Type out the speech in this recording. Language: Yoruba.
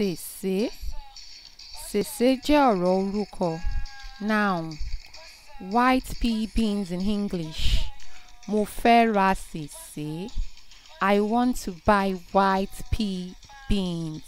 sèsé sèsé jẹ́ ọ̀rọ̀ orúkọ noun white pea beans in English mo fẹ́ ra sèsé I want to buy white pea beans.